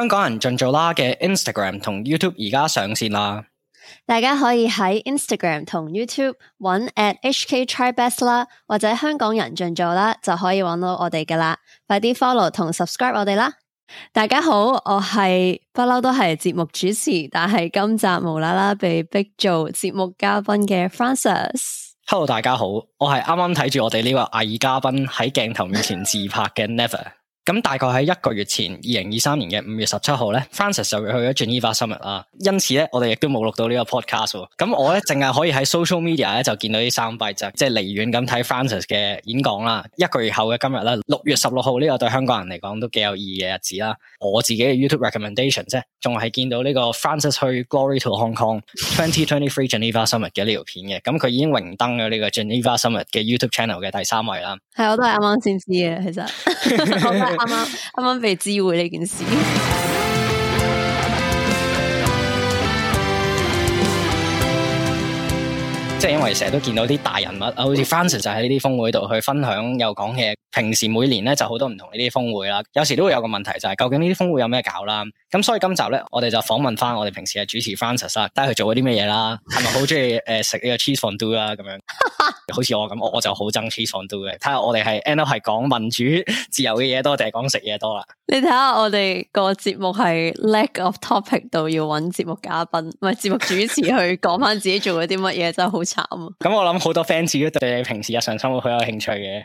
香港人盡做啦嘅 Instagram 同 YouTube 而家上線啦，大家可以喺 Instagram 同 YouTube 揾 at HK TryBest 啦，或者香港人盡做啦就可以揾到我哋噶啦，快啲 follow 同 subscribe 我哋啦！大家好，我係不嬲都係節目主持，但係今集無啦啦被逼做節目嘉賓嘅 Frances。Hello，大家好，我係啱啱睇住我哋呢位藝嘉賓喺鏡頭面前自拍嘅 Never。 咁大概喺一個月前，二零二三年嘅五月十七號咧，Frances 就去咗 Geneva Summit 啦。因此咧，我哋亦都冇錄到呢個 podcast。咁我咧淨係可以喺 social media 咧就見到呢三費，就即係離遠咁睇 Frances 嘅演講啦。一個月後嘅今日啦，六月十六號呢個對香港人嚟講都幾有意義嘅日子啦。我自己嘅 YouTube recommendation 啫，仲係見到呢個 Frances 去 Glory to Hong Kong 2023 Geneva Summit 嘅呢條片嘅。咁佢已經榮登咗呢個 Geneva Summit 嘅 YouTube channel 嘅第三位啦。係，我都係啱啱先知嘅，其實。啱啱啱啱被知會呢件事，即係因為成日都見到啲大人物，好似 Frances 就喺呢啲峰會度去分享又講嘢。平時每年咧就好多唔同呢啲峰會啦，有時都會有個問題就係、是，究竟呢啲峰會有咩搞啦。咁所以今集咧，我哋就訪問翻我哋平時嘅主持 Frances 啦，帶佢做咗啲咩嘢啦，係咪好中意，誒食呢個 cheese fondue 啦咁樣？ 好似我咁，我就看看我就好憎 cheese fondue 嘅。睇下我哋係 end up 係講民主自由嘅嘢多，定係講食嘢多啦？你睇下我哋個節目係 lack of topic 度要揾節目嘉賓，唔係節目主持去講翻自己做咗啲乜嘢真係好慘啊！咁我諗好多 fans 都對你平時日常生活好有興趣嘅。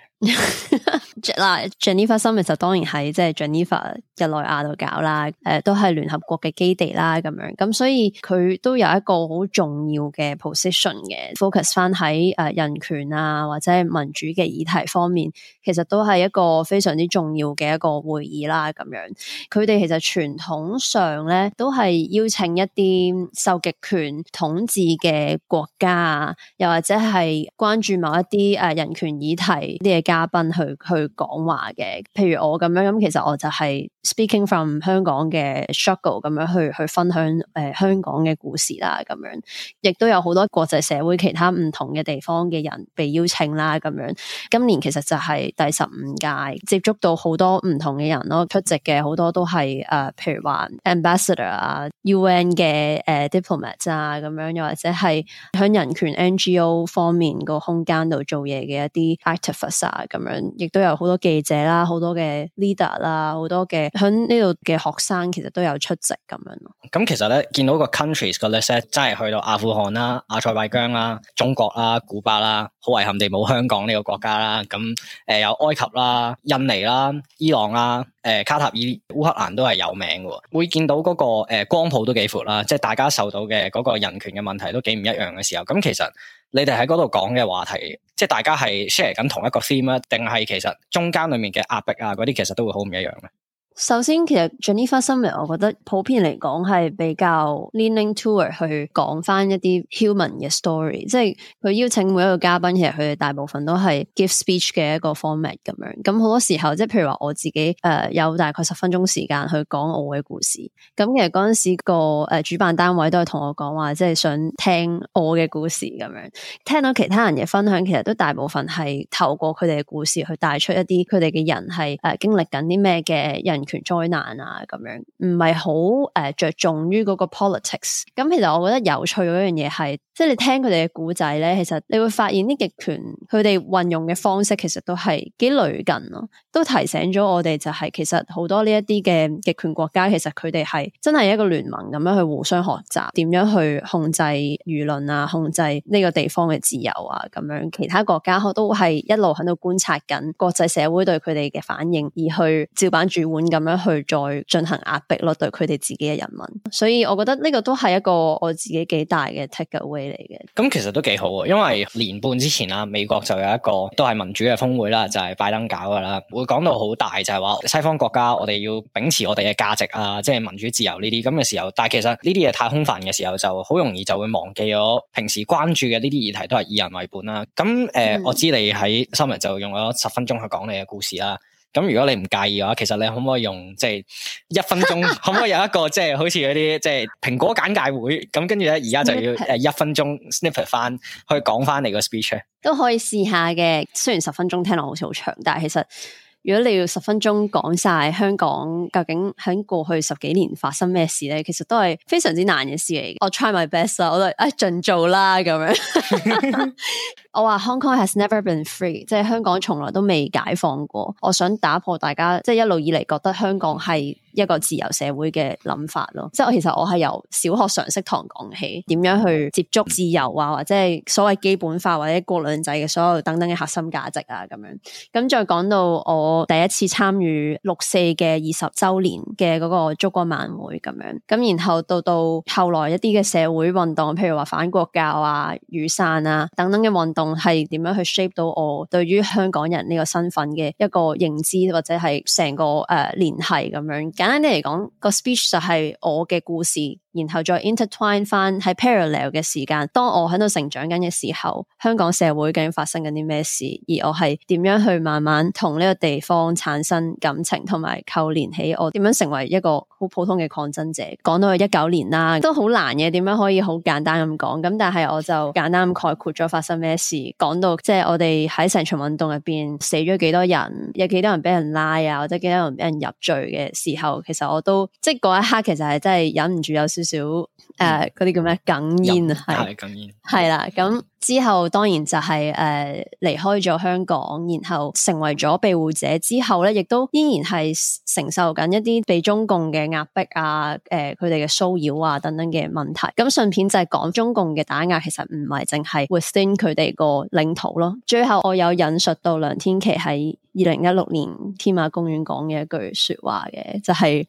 嗱，Geneva Summit 就當然喺即係 Geneva 日內瓦度搞啦，誒、呃、都係聯合國嘅基地啦，咁樣咁、嗯，所以佢都有一個好重要嘅 position 嘅 ，focus 翻喺誒人權啊或者係民主嘅議題方面，其實都係一個非常之重要嘅一個會議啦，咁樣佢哋其實傳統上咧都係邀請一啲受極權統治嘅國家啊，又或者係關注某一啲誒、呃、人權議題啲嘅嘉賓去。去講話嘅，譬如我咁樣，咁，其實我就係 speaking from 香港嘅 struggle 咁樣去去分享誒、呃、香港嘅故事啦，咁樣亦都有好多國際社會其他唔同嘅地方嘅人被邀請啦，咁樣今年其實就係第十五屆，接觸到好多唔同嘅人咯，出席嘅好多都係誒、呃、譬如話 ambassador 啊、UN 嘅誒、呃、diplomat 啊，咁樣又或者係響人權 NGO 方面個空間度做嘢嘅一啲 activists 啊，咁樣亦～都有好多記者啦，好多嘅 leader 啦，好多嘅喺呢度嘅學生其實都有出席咁樣咯。咁其實咧見到個 countries 個 list 咧，真係去到阿富汗啦、阿塞拜疆啦、中國啦、古巴啦，好遺憾地冇香港呢個國家啦。咁誒、呃、有埃及啦、印尼啦、伊朗啦、誒、呃、卡塔爾、烏克蘭都係有名嘅喎。會見到嗰個光譜都幾闊啦，即係大家受到嘅嗰個人權嘅問題都幾唔一樣嘅時候。咁其實。你哋喺嗰度講嘅話題，即係大家係 share 緊同一個 theme，定係其實中間裏面嘅壓迫啊嗰啲，其實都會好唔一樣咧。首先，其實 Geneva Summit，我覺得普遍嚟講係比較 leaning lean toward 去講翻一啲 human 嘅 story，即係佢邀請每一個嘉賓，其實佢哋大部分都係 give speech 嘅一個 format 咁樣。咁好多時候，即係譬如話我自己誒、呃、有大概十分鐘時間去講我嘅故事。咁其實嗰陣時個誒、呃、主辦單位都係同我講話，即係想聽我嘅故事咁樣。聽到其他人嘅分享，其實都大部分係透過佢哋嘅故事去帶出一啲佢哋嘅人係誒、呃、經歷緊啲咩嘅人。權災難啊，咁樣唔係好誒着重於嗰個 politics。咁其實我覺得有趣嗰樣嘢係，即係你聽佢哋嘅古仔咧，其實你會發現啲極權佢哋運用嘅方式，其實都係幾類近咯。都提醒咗我哋、就是，就係其實好多呢一啲嘅極權國家，其實佢哋係真係一個聯盟咁樣去互相學習，點樣去控制輿論啊，控制呢個地方嘅自由啊，咁樣其他國家都係一路喺度觀察緊國際社會對佢哋嘅反應，而去照板煮碗咁樣去再進行壓迫咯，對佢哋自己嘅人民。所以我覺得呢個都係一個我自己幾大嘅 takeaway 嚟嘅。咁其實都幾好啊，因為年半之前啊美國就有一個都係民主嘅峰會啦，就係、是、拜登搞噶啦。講到好大就係話西方國家，我哋要秉持我哋嘅價值啊，即係民主自由呢啲咁嘅時候。但係其實呢啲嘢，太空泛嘅時候，就好容易就會忘記咗平時關注嘅呢啲議題都係以人為本啦、啊。咁誒，呃嗯、我知你喺 Summit 就用咗十分鐘去講你嘅故事啦。咁如果你唔介意嘅話，其實你可唔可以用即係、就是、一分鐘， 可唔可以有一個即係、就是、好似嗰啲即係蘋果簡介會咁？跟住咧，而家就要誒一分鐘 snippet 翻去講翻你個 speech。都可以試下嘅，雖然十分鐘聽落好似好長，但係其實。如果你要十分鐘講晒香港究竟喺過去十幾年發生咩事呢，其實都係非常之難嘅事嚟。我 try my best， 我盡做啦咁樣。我話 Hong Kong has never been free，即係香港從來都未解放過。我想打破大家即係、就是、一路以嚟覺得香港係一個自由社會嘅諗法咯，即係我其實我係由小學常識堂講起，點樣去接觸自由啊，或者係所謂基本法或者國兩制嘅所有等等嘅核心價值啊，咁樣咁再講到我第一次參與六四嘅二十週年嘅嗰個燭光晚會咁樣，咁然後到到後來一啲嘅社會運動，譬如話反國教啊、雨傘啊等等嘅運動，係點樣去 shape 到我對於香港人呢個身份嘅一個認知，或者係成個誒聯繫咁樣。簡單啲嚟講，個 speech 就係我嘅故事。然後再 intertwine 翻喺 parallel 嘅時間，當我喺度成長緊嘅時候，香港社會究竟發生緊啲咩事，而我係點樣去慢慢同呢個地方產生感情，同埋扣連起我點樣成為一個好普通嘅抗爭者。講到去一九年啦，都好難嘅，點樣可以好簡單咁講？咁但係我就簡單概括咗發生咩事，講到即係我哋喺成場運動入邊死咗幾多人，有幾多人俾人拉啊，或者幾多人俾人入罪嘅時候，其實我都即係嗰一刻其實係真係忍唔住有少少誒，嗰啲，呃、叫咩？哽咽啊，係哽咽，係啦是。咁之後當然就係誒離開咗香港，然後成為咗庇護者之後咧，亦都依然係承受緊一啲被中共嘅壓迫啊，誒佢哋嘅騷擾啊等等嘅問題。咁順便就係講中共嘅打壓，其實唔係淨係 within 佢哋個領土咯。最後我有引述到梁天琦喺。二零一六年添馬公園講嘅一句說話嘅，就係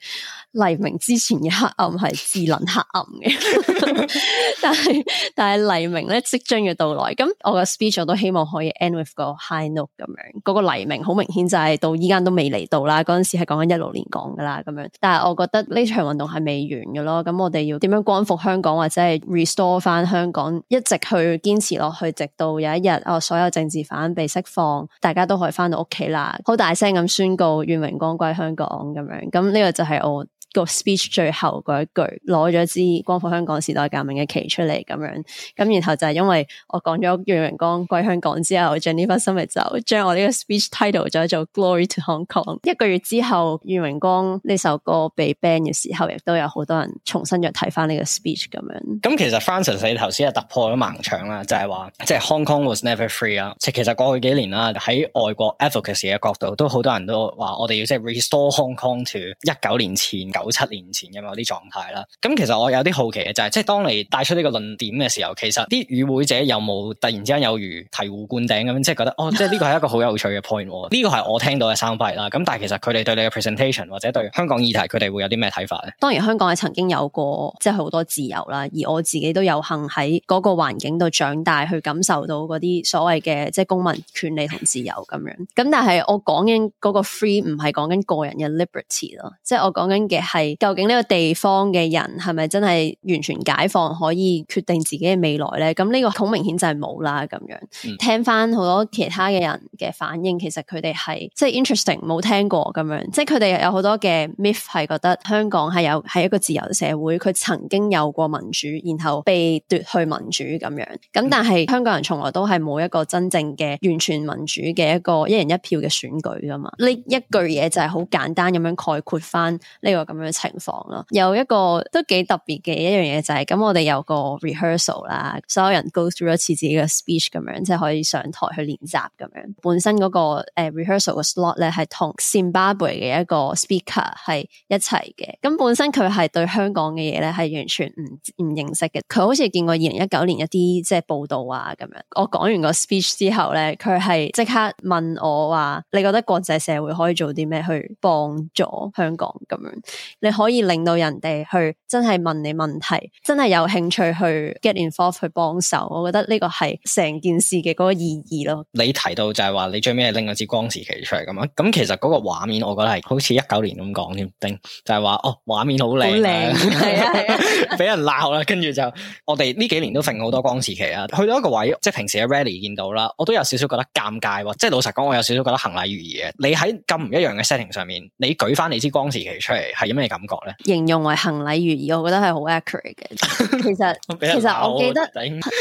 黎明之前嘅黑暗係智能黑暗嘅， 但係但係黎明咧即將要到來，咁我個 speech 我都希望可以 end with 個 high note 咁樣，嗰個黎明好明顯就係到依家都未嚟到啦，陣時係講緊一六年講噶啦咁樣，但係我覺得呢場運動係未完嘅咯，咁我哋要點樣光復香港或者係 restore 翻香港，一直去堅持落去，直到有一日哦所有政治犯被釋放，大家都可以翻到屋企啦。好大聲咁宣告，願榮光歸香港咁樣，咁呢個就係我個 speech 最後嗰一句攞咗支光復香港時代革命嘅旗出嚟咁樣，咁然後就係因為我講咗願榮光歸香港之後，Geneva Summit 就將我呢個 speech title 咗做 Glory to Hong Kong。一個月之後，願榮光呢首歌被 ban 嘅時候，亦都有好多人重新再睇翻呢個 speech 咁樣。咁其實 Frances 你頭先係突破咗盲腸啦，就係話即係 Hong Kong was never free 啊。即其實過去幾年啦，喺外國 advocacy 嘅角度，都好多人都話我哋要即係 restore Hong Kong to 一九年前好七年前嘅嘛啲狀態啦，咁其實我有啲好奇嘅就係，即係當你帶出呢個論點嘅時候，其實啲與會者有冇突然之間有如醍醐灌頂咁，即係覺得哦，即係呢個係一個好有趣嘅 point，呢個係我聽到嘅 soundbite 啦。咁但係其實佢哋對你嘅 presentation 或者對香港議題，佢哋會有啲咩睇法咧？當然香港係曾經有過即係好多自由啦，而我自己都有幸喺嗰個環境度長大，去感受到嗰啲所謂嘅即係公民權利同自由咁樣。咁但係我講緊嗰個 free 唔係講緊個人嘅 liberty 咯，即係我講緊嘅係究竟呢個地方嘅人係咪真係完全解放，可以決定自己嘅未來咧？咁呢個好明顯就係冇啦咁樣。聽翻好多其他嘅人嘅反應，其實佢哋係即係 interesting 冇聽過咁樣。即係佢哋有好多嘅 myth 係覺得香港係有係一個自由社會，佢曾經有過民主，然後被奪去民主咁樣。咁但係香港人從來都係冇一個真正嘅完全民主嘅一個一人一票嘅選舉噶嘛？呢一句嘢就係好簡單咁樣概括翻、這、呢個咁。咁嘅情況咯，有一個都幾特別嘅一樣嘢就係咁，我哋有個 rehearsal 啦，所有人 go through 一次自己嘅 speech 咁樣，即係可以上台去練習咁樣。本身嗰個 rehearsal 嘅 slot 咧，係同 Zimbabwe 嘅一個 speaker 係一齊嘅。咁本身佢係對香港嘅嘢咧係完全唔唔認識嘅。佢好似見過二零一九年一啲即係報道啊咁樣。我講完個 speech 之後咧，佢係即刻問我話：你覺得國際社會可以做啲咩去幫助香港咁樣？你可以令到人哋去真係問你問題，真係有興趣去 get involved 去幫手，我覺得呢個係成件事嘅嗰個意義咯。你提到就係話你最尾係拎支光時期出嚟咁樣，咁其實嗰個畫面我覺得係好似一九年咁講添，定就係話哦畫面好靚好靚、啊，係啊俾人鬧啦，跟住就我哋呢幾年都拎好多光時期啊，去到一個位，即係平時喺 rally 見到啦，我都有少少覺得尷尬，即係老實講，我有少少覺得行禮如儀嘅。你喺咁唔一樣嘅 setting 上面，你舉翻你支光時期出嚟係。咩感覺咧？形容為行禮如儀，我覺得係好 accurate 嘅。 其實 其實我記得，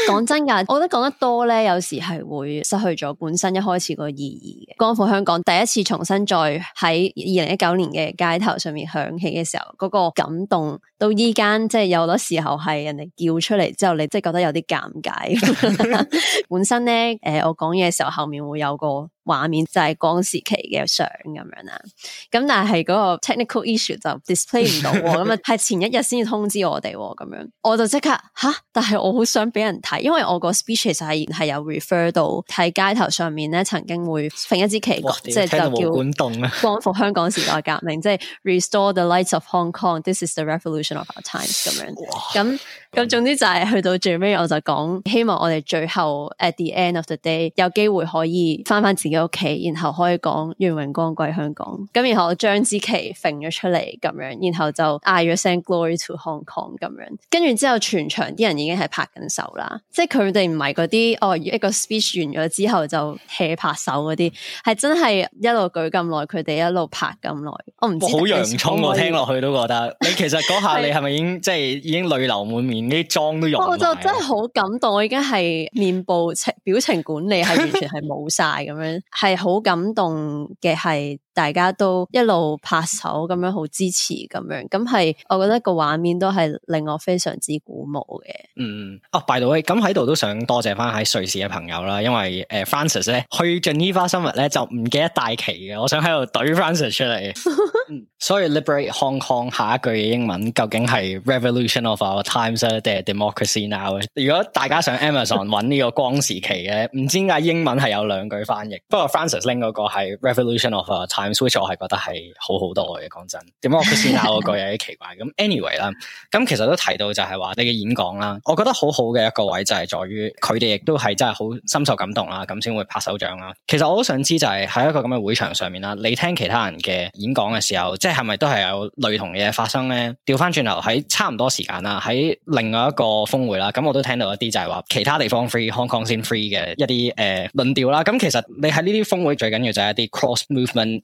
講 真㗎，我覺得講得多咧，有時係會失去咗本身一開始個意義嘅。光復香港第一次重新再喺二零一九年嘅街頭上面響起嘅時候，嗰、那個感動到依家，即、就、係、是、有好多時候係人哋叫出嚟之後，你即係覺得有啲尷尬。 本身咧，誒、呃，我講嘢嘅時候後面會有個畫面就係光時期嘅相咁樣啦，咁但係個 technical issue 就 display 唔到喎，咁啊係前一日先至通知我哋咁樣，我就即刻吓，但係我好想俾人睇，因為我個 speech 就係係有 refer 到喺街頭上面咧，曾經會，揈一支旗，即係、啊、就，就叫管動咧，光復香港時代革命，即係 restore the lights of Hong Kong，this is the revolution of our times 咁樣，咁咁哇總之就係去到最尾，我就講希望我哋最後 at the end of the day 有機會可以翻翻自己。屋企，然後可以講願榮光歸香港，咁然後將支旗揈咗出嚟咁樣，然後就嗌咗聲 Glory to Hong Kong 咁樣，跟住之後全場啲人已經係拍緊手啦，即係佢哋唔係嗰啲哦，一個 speech 完咗之後就起拍手嗰啲，係真係一路舉咁耐，佢哋一路拍咁耐。我唔知，好洋蔥，我聽落去都覺得你其實嗰下你係咪已經即係已經淚流滿面，啲妝都融。 我就真係好感動， 我已經係面部表情管理係完全係冇晒咁樣。 係好感動嘅係。大家都一路拍手咁樣，好支持咁樣，咁係，我覺得個畫面都係令我非常之鼓舞嘅。嗯，啊、oh，by the way，咁喺度都想多謝翻喺瑞士嘅朋友啦，因為誒、呃、，Frances 咧，去 Geneva Summit 咧就唔記得帶旗嘅，我想喺度懟 Frances 出嚟。所以、 so, liberate Hong Kong，下一句嘅英文究竟係 revolution of our times 咧，定係 democracy now？如果大家想 Amazon 揾呢個光時旗嘅，唔 知點解英文係有兩句翻譯，不過 Frances 拎嗰個係 revolution of our time。Switch, 我係覺得係好好多嘅，講真點解我佢先鬧嗰句有啲奇怪。咁 anyway 啦，咁其實都提到就係話你嘅演講啦，我覺得好好嘅一個位就係在於佢哋亦都係真係好深受感動啦，咁先會拍手掌啦。其實我好想知就係喺一個咁嘅會場上面啦，你聽其他人嘅演講嘅時候，即係係咪都係有類同嘅嘢發生咧？調翻轉頭喺差唔多時間啦，喺另外一個峰會啦，咁我都聽到一啲就係話其他地方 free Hong Kong 先 free 嘅一啲誒、呃、論調啦。咁其實你喺呢啲峰會最緊要就係一啲 cross movement。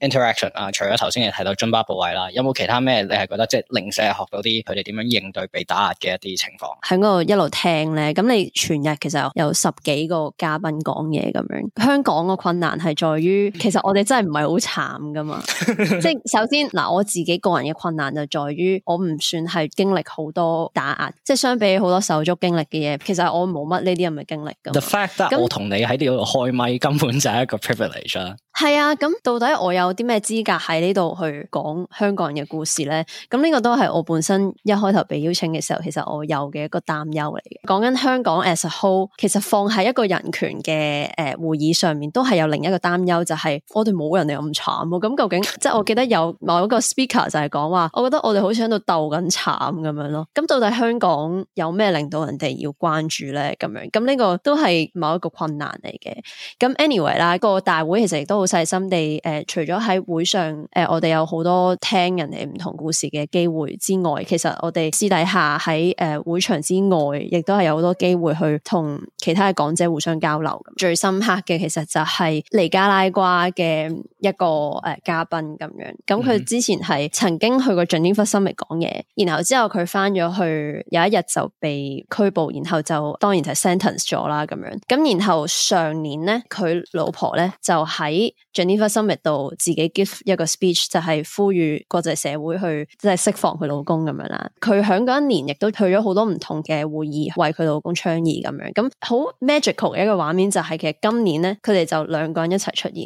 啊，除咗頭先你提到津巴布韋啦，有冇其他咩？你係覺得即係零舍學到啲佢哋點樣應對被打壓嘅一啲情況？喺嗰度一路聽咧，咁你全日其實有十幾個嘉賓講嘢咁樣。香港個困難係在於，其實我哋真係唔係好慘㗎嘛。 即係首先嗱，我自己個人嘅困難就在於，我唔算係經歷好多打壓，即係相比好多手足經歷嘅嘢，其實我冇乜呢啲咁嘅經歷。The fact 那我同你喺呢度開咪，根本就係一個 privilege 啊。係啊，咁到底我有啲咩資格喺呢度去講香港人嘅故事咧？咁呢個都係我本身一開頭被邀請嘅時候，其實我有嘅一個擔憂嚟嘅。講緊香港 as a whole，其實放喺一個人權嘅誒、呃、會議上面，都係有另一個擔憂，就係、是、我哋冇人哋咁慘。咁究竟 即係我記得有某一個 speaker 就係講話，我覺得我哋好似喺度鬥緊慘咁樣咯。咁到底香港有咩令到人哋要關注咧？咁樣咁呢個都係某一個困難嚟嘅。咁 anyway 啦，個大會其實亦都好細心地誒、呃，除咗喺會上，誒、呃，我哋有好多聽人哋唔同故事嘅機會之外，其實我哋私底下喺誒、呃、會場之外，亦都係有好多機會去同其他嘅講者互相交流。最深刻嘅，其實就係尼加拉瓜嘅一個誒、呃、嘉賓咁樣。咁佢之前係曾經去過 Geneva Summit 講嘢，然後之後佢翻咗去，有一日就被拘捕，然後就當然就 sentence 咗啦咁樣。咁然後上年咧，佢老婆咧就喺 Geneva Summit 度自己 give 一個 speech 就係呼籲國際社會去即係釋放佢老公咁樣啦，佢響嗰一年亦都去咗好多唔同嘅會議為佢老公倡議咁樣，咁好 magical 嘅一個畫面就係其實今年咧佢哋就兩個人一齊出現，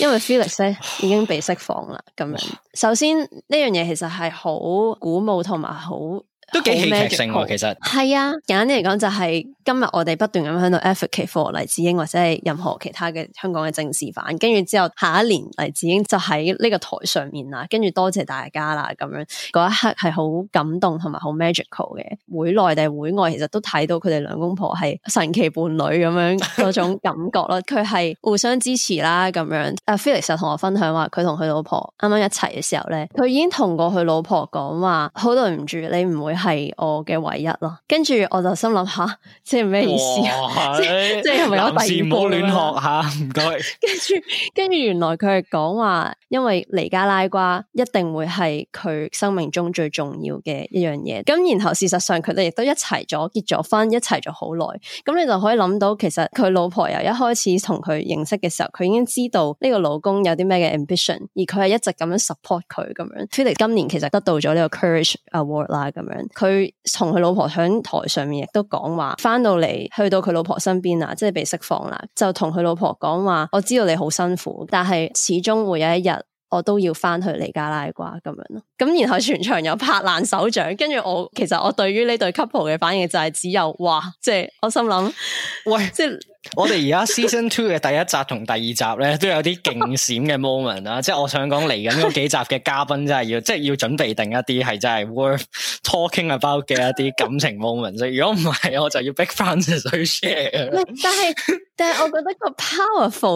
因為 Felix 咧已經被釋放啦，咁樣首先呢樣嘢其實係好鼓舞同埋好。都幾戲劇性喎，其實係啊，簡單嚟講就係今日我哋不斷咁喺度 advocate for 黎智英或者係任何其他嘅香港嘅政治犯。跟住之後下一年黎智英就喺呢個台上面啦，跟住多謝大家啦咁樣，嗰一刻係好感動同埋好 magical 嘅，會內定會外其實都睇到佢哋兩公婆係神奇伴侶咁樣嗰種感覺咯，佢係 互相支持啦咁樣。阿 Felix 同我分享話，佢同佢老婆啱啱一齊嘅時候咧，佢已經同過佢老婆講話，好對唔住，你唔會係我嘅唯一咯，跟住我就心諗下、啊，即係咩意思？ 即係係咪有第二部？暫時唔好亂學吓，唔該。跟住跟住，原來佢係講話，因為尼加拉瓜一定會係佢生命中最重要嘅一樣嘢。咁然後事實上，佢哋亦都一齊咗，結咗婚，一齊咗好耐。咁你就可以諗到，其實佢老婆由一開始同佢認識嘅時候，佢已經知道呢個老公有啲咩嘅 ambition，而佢係一直咁樣 support 佢咁樣。Felix 今年其實得到咗呢個 Courage Award 啦，咁樣。佢同佢老婆響台上面亦都講話，翻到嚟去到佢老婆身邊啦，即係被釋放啦，就同佢老婆講話，我知道你好辛苦，但係始終會有一日，我都要翻去尼加拉瓜咁樣咯。咁然後全場有拍爛手掌，跟住我其實我對於呢對 couple 嘅反應就係只有哇，即係我心諗，喂，即係。 我哋而家 season two 嘅第一集同第二集咧，都有啲勁閃嘅 moment 啦。即係我想講嚟緊嗰幾集嘅嘉賓真係要， 即係要準備定一啲係真係 worth talking about 嘅一啲感情 moment。所以 如果唔係，我就要迫 Frances 去 share。唔 但係但係，我覺得個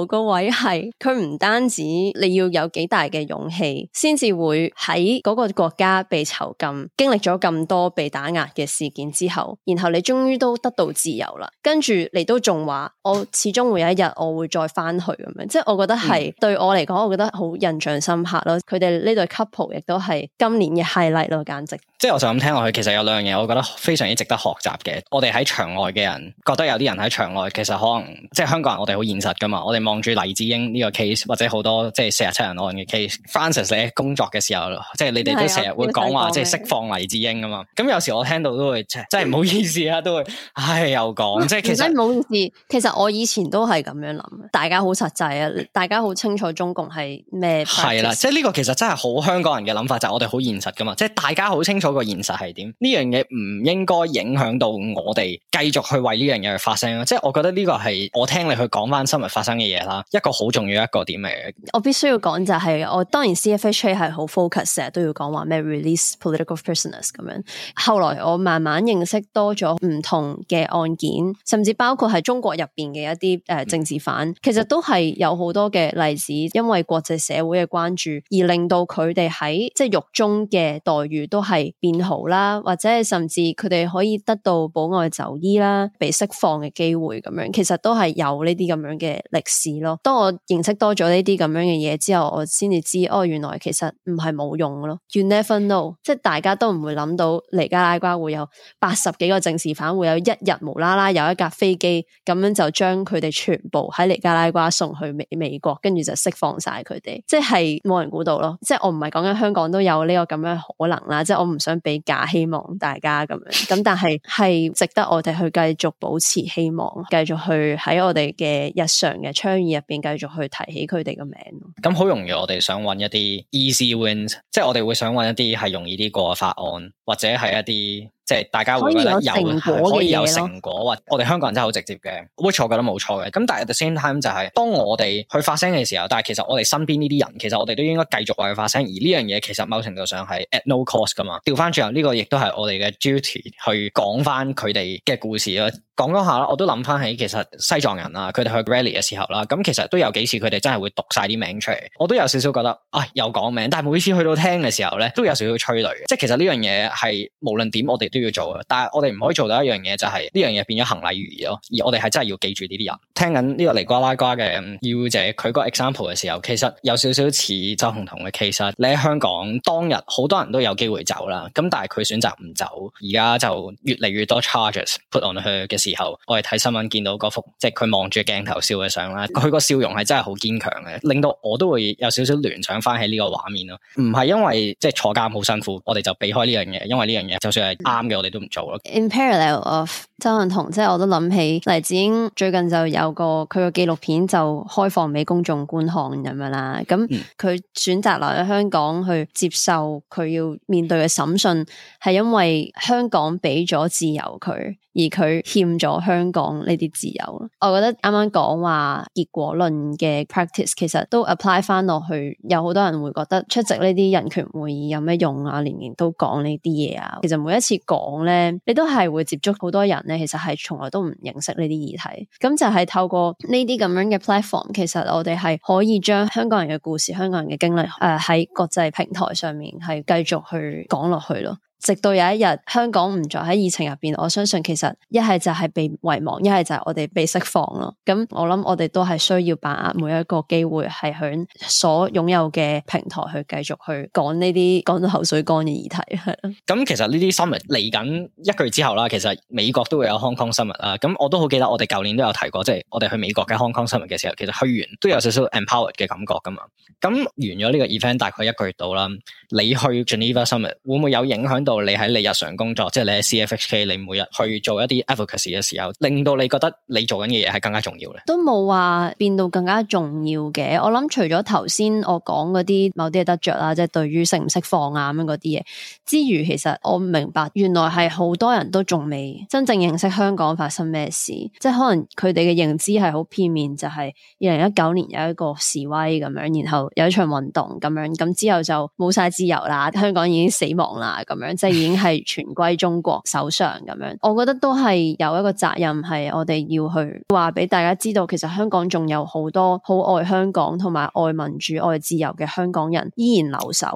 powerful 個位係，佢唔單止你要有幾大嘅勇氣，先至會喺嗰個國家被囚禁，經歷咗咁多被打壓嘅事件之後，然後你終於都得到自由啦，跟住你都仲話。我始終會有一日我會再翻去咁樣，即是我覺得係、嗯、對我嚟講，我覺得好印象深刻咯。佢哋呢對 couple 亦都係今年嘅系列 g h 簡直。即係我就咁聽落去，其實有兩樣嘢，我覺得非常之值得學習嘅。我哋喺場外嘅人覺得有啲人喺場外，其實可能即係香港人，我哋好現實噶嘛。我哋望住黎智英呢個 case 或者好多即係四十七人案嘅 case。Francis 你喺工作嘅時候，即係你哋都成日會講話，即係釋放黎智英噶嘛。咁有時我聽到都會即係唔好意思啊， 都會唉又講，即係其實唔好意思。其實我以前都係咁樣諗，大家好實際啊，大家好清楚中共係咩係啦。即係呢個其實真係好香港人嘅諗法，就係、是、我哋好現實噶嘛。即係大家好清楚。嗰個現實係點？呢樣嘢唔應該影響到我哋繼續去為呢樣嘢去發聲啦。即係我覺得呢個係我聽你去講翻新聞發生嘅嘢啦，一個好重要一個點嚟嘅。我必須要講就係、是、我當然 C F H A 係好 focus，成日都要講話咩 release political prisoners 咁樣。後來我慢慢認識多咗唔同嘅案件，甚至包括係中國入邊嘅一啲誒、呃、政治犯，其實都係有好多嘅例子，因為國際社會嘅關注，而令到佢哋喺即係獄中嘅待遇都係變好啦，或者係甚至佢哋可以得到保外就醫啦，被釋放嘅機會咁樣，其實都係有呢啲咁樣嘅歷史咯。當我認識多咗呢啲咁樣嘅嘢之後，我先至知哦，原來其實唔係冇用咯。You never know，即係大家都唔會諗到尼加拉瓜會有八十幾個政治犯，會有一日無啦啦有一架飛機咁樣就將佢哋全部喺尼加拉瓜送去美美國，跟住就釋放晒佢哋，即係冇人估到咯。即係我唔係講緊香港都有呢個咁樣可能啦，即係我唔想。俾假希望大家咁樣，咁但係係值得我哋去繼續保持希望，繼續去喺我哋嘅日常嘅倡議入邊繼續去提起佢哋嘅名。咁好、 嗯、容易，我哋想揾一啲 easy wins，即係我哋會想揾一啲係容易啲過嘅法案，或者係一啲。即係大家會覺得有可以有，成果可以有成果，或我哋香港人真係好直接嘅，冇錯，覺得冇錯嘅。咁但係 at the same time 就係、是、當我哋去發聲嘅時候，但係其實我哋身邊呢啲人，其實我哋都應該繼續為佢發聲。而呢樣嘢其實某程度上係 at no cost 噶嘛。調翻轉頭，呢、這個亦都係我哋嘅 duty 去講翻佢哋嘅故事咯。講咗下啦，我都諗翻起其實西藏人啊，佢哋去 rally 嘅時候啦，咁其實都有幾次佢哋真係會讀晒啲名出嚟。我都有少少覺得啊，又、哎、講名，但係每次去到聽嘅時候咧，都有少少催淚。即係其實呢樣嘢係無論點我哋都要做啊！但係我哋唔可以做到一樣嘢，就係呢樣嘢變咗行禮如儀咯。而我哋係真係要記住呢啲人。聽緊呢個尼加拉瓜嘅，要者，佢個 example 嘅時候，其實有少少似鄒幸彤嘅。其實你喺香港當日，好多人都有機會走啦。咁但係佢選擇唔走，而家就越嚟越多 charges put on 佢嘅時候，我哋睇新聞見到嗰幅，即係佢望住鏡頭笑嘅相啦。佢個笑容係真係好堅強嘅，令到我都會有少少聯想翻起呢個畫面咯。唔係因為即係坐監好辛苦，我哋就避開呢樣嘢，因為呢樣嘢就算係啱。我哋都唔做啦。In parallel of 周文同，即係我都諗起黎智英最近就有個佢個紀錄片就開放俾公眾觀看咁樣啦。咁佢選擇嚟喺香港去接受佢要面對嘅審訊，係因為香港俾咗自由佢。而佢欠咗香港呢啲自由咯，我覺得啱啱講話結果論嘅 practice 其實都 apply 翻落去，有好多人會覺得出席呢啲人權會議有咩用啊？年年都講呢啲嘢啊，其實每一次講咧，你都係會接觸好多人咧，其實係從來都唔認識呢啲議題，咁就係透過呢啲咁樣嘅 platform，其實我哋係可以將香港人嘅故事、香港人嘅經歷誒喺、呃、國際平台上面係繼續去講落去咯。直到有一日香港唔再喺疫情入邊，我相信其實一係就係被遺忘，一係就係我哋被釋放咯。咁我諗我哋都係需要把握每一個機會係響所擁有嘅平台去繼續去講呢啲講到口水乾嘅議題。咁、嗯、其實呢啲 s u m m 新聞嚟緊一個月之後啦，其實美國都會有 Hong Kong 新聞啦。咁我都好記得我哋舊年都有提過，即、就、係、是、我哋去美國嘅 Hong Kong 新聞嘅時候，其實去完都有少少 empower 嘅感覺噶嘛。咁完咗呢個 event 大概一個月到啦，你去 Geneva Summit 會唔會有影響？到你喺你日常工作，即係，你喺 CFHK，你每日去做一啲 advocacy 嘅時候，令到你覺得你做緊嘅嘢係更加重要咧？都冇話變到更加重要嘅。我諗除咗頭先我講嗰啲某啲嘢得着啦，即係對於識唔識放啊，咁樣啲嘢之餘，其實我唔明白原來係好多人都仲未真正認識香港發生咩事，即係可能佢哋嘅認知係好片面，就係二零一九年有一個示威咁樣，然後有一場運動咁樣，咁之後就冇晒自由啦，香港已經死亡啦咁樣。 即係已經係全歸中國手上咁樣，我覺得都係有一個責任，係我哋要去話俾大家知道，其實香港仲有好多好愛香港同埋愛民主、愛自由嘅香港人依然留守，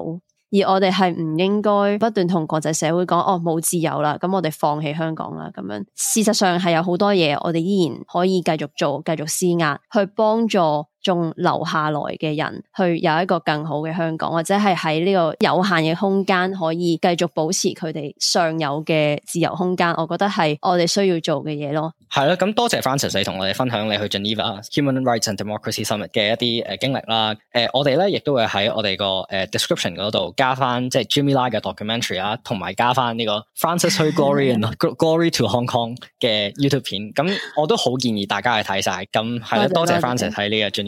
而我哋係唔應該不斷同國際社會講哦，冇自由啦，咁我哋放棄香港啦咁樣。事實上係有好多嘢，我哋依然可以繼續做，繼續施壓去幫助。仲留下來嘅人，去有一個更好嘅香港，或者係喺呢個有限嘅空間，可以繼續保持佢哋尚有嘅自由空間，我覺得係我哋需要做嘅嘢咯。係咯，咁多謝 Frances 你同我哋分享你去 Geneva 啊，Human Rights and Democracy Summit 嘅一啲誒經歷啦。誒，我哋咧亦都會喺我哋個誒 description 度加翻，即係 Jimmy Lai 嘅 documentary 啊，同埋加翻呢個 Frances 去 Glory，and Glory to Hong Kong 嘅 YouTube 片。咁我都好建議大家去睇晒。咁係啦，多謝 Frances 睇呢個。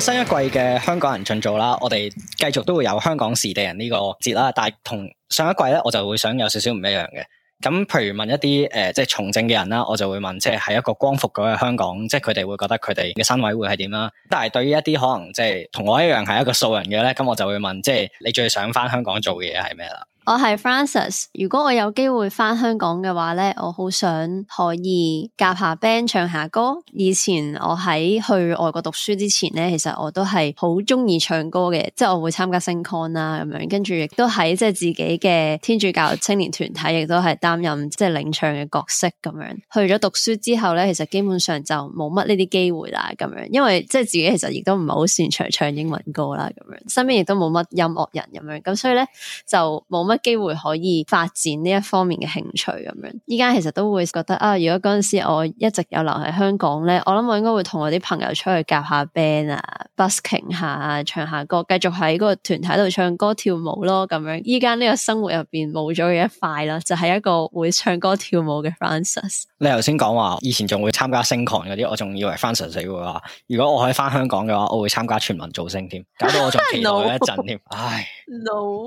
新一季嘅香港人盡做啦，我哋繼續都會有香港時地人呢個節啦，但係同上一季咧，我就會想有少少唔一樣嘅。咁譬如問一啲誒、呃，即係從政嘅人啦，我就會問，即係喺一個光復咗嘅香港，即係佢哋會覺得佢哋嘅身位會係點啦。但係對於一啲可能即係同我一樣係一個素人嘅咧，咁我就會問，即係你最想返香港做嘅嘢係咩啦？我係 Frances，如果我有機會翻香港嘅話咧，我好想可以夾下 band 唱下歌。以前我喺去外國讀書之前咧，其實我都係好中意唱歌嘅，即係我會參加 sing con 啦，咁樣跟住亦都喺即係自己嘅天主教青年團體，亦都係擔任即係領唱嘅角色咁樣。去咗讀書之後咧，其實基本上就冇乜呢啲機會啦，咁樣，因為即係自己其實亦都唔係好擅長唱英文歌啦，咁樣，身邊亦都冇乜音樂人咁樣，咁所以咧就冇乜。機會可以發展呢一方面嘅興趣咁樣，依家其實都會覺得啊，如果嗰陣時我一直有留喺香港咧，我諗我應該會同我啲朋友出去夾下 band 啊，busking 下，唱下歌，繼續喺個團體度唱歌跳舞咯，咁樣。依家呢個生活入邊冇咗嘅一塊啦，就係、是、一個會唱歌跳舞嘅 Francis。你頭先講話以前仲會參加聲狂嗰啲，我仲以為 Francis 會話，如果我可以返香港嘅話，我會參加全民造星添，搞到我仲期待一陣添， No . 唉。no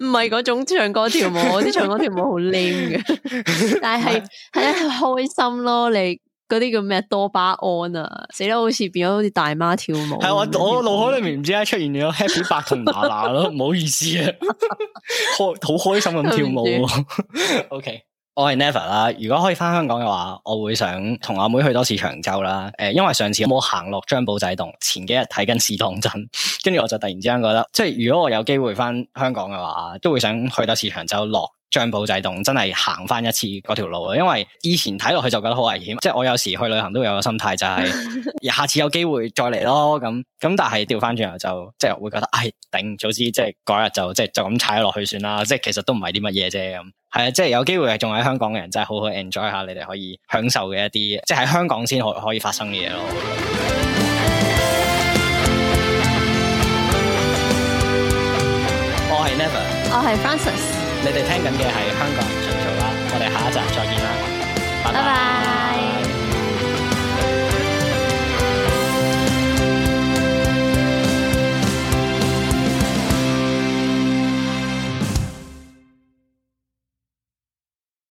唔係嗰種唱歌跳舞，我啲 唱歌跳舞好靚嘅，但係係啊開心咯，你嗰啲叫咩多巴胺啊，死得好似變咗好似大媽跳、啊、跳舞，係我我腦海裏面唔知點出現咗 happy 白同 娜娜咯，唔好意思啊，開好開心咁跳舞、啊、白 ，ok。我係 Never 啦，如果可以翻香港嘅話，我會想同阿妹，妹去多次長洲啦。誒、呃，因為上次我有冇行落張保仔洞。前幾日睇緊史檔真，跟住我就突然之間覺得，即係如果我有機會翻香港嘅話，都會想去多次長洲落。張保仔洞真係行翻一次嗰條路啊，因為以前睇落去就覺得好危險，即係我有時去旅行都有個心態就係，下次有機會再嚟咯咁咁，但係調翻轉頭就即係會覺得，唉、哎，頂，早知即係嗰日就即係就咁踩落去算啦，即係其實都唔係啲乜嘢啫，咁係啊，即係有機會係仲喺香港嘅人真係好好 enjoy 下，你哋可以享受嘅一啲即係喺香港先可可以發生嘅嘢咯。 我係是 Never，我係 Francis。你哋聽緊嘅係香港人，盡做啦，我哋下一集再見啦，拜拜。